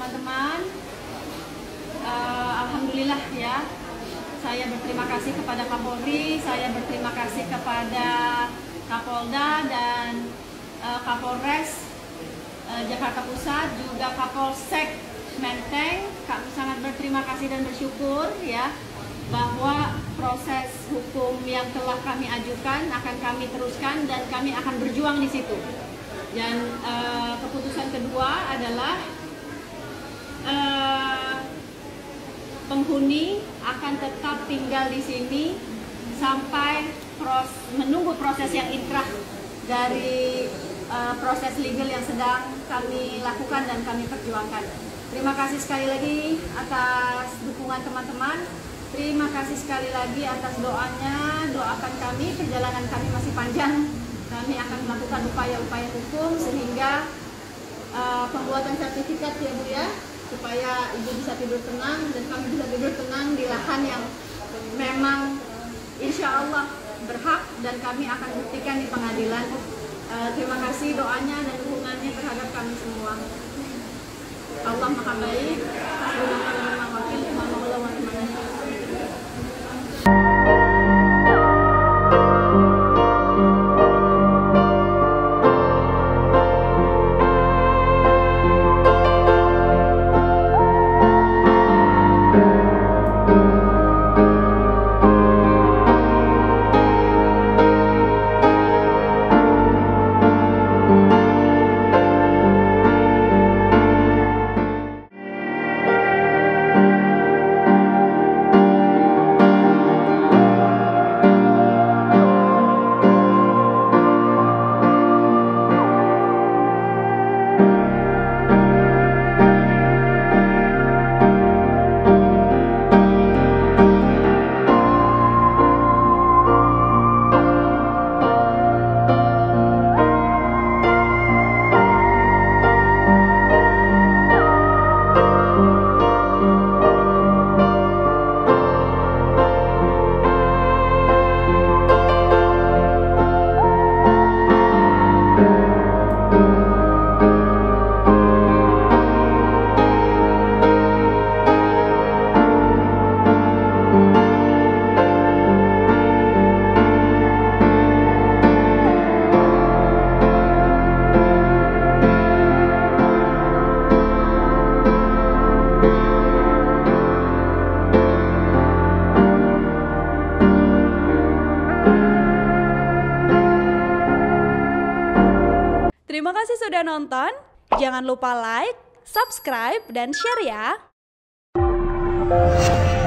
teman-teman uh, alhamdulillah ya saya berterima kasih kepada Kapolri saya berterima kasih kepada Kapolda dan uh, eh, Kapolres uh, eh, Jakarta Pusat juga Kapolsek Menteng kami sangat berterima kasih dan bersyukur ya bahwa proses hukum yang telah kami ajukan akan kami teruskan dan kami akan berjuang di situ dan uh, keputusan kedua adalah penghuni akan tetap tinggal di sini sampai pros, menunggu proses yang inkrah dari uh, proses legal yang sedang kami lakukan dan kami perjuangkan. Terima kasih sekali lagi atas dukungan teman-teman. Terima kasih sekali lagi atas doanya. Doakan kami, perjalanan kami masih panjang. Kami akan melakukan upaya-upaya hukum sehingga uh, pembuatan sertifikat ya Bu ya bisa tidur tenang dan kami bisa tidur tenang di lahan yang memang eh, insya Allah berhak dan kami akan buktikan di pengadilan. Eh, terima kasih doanya dan dukungannya terhadap kami semua. Allah Maha Baik. Terima kasih sudah nonton. Jangan lupa like, subscribe, dan share ya.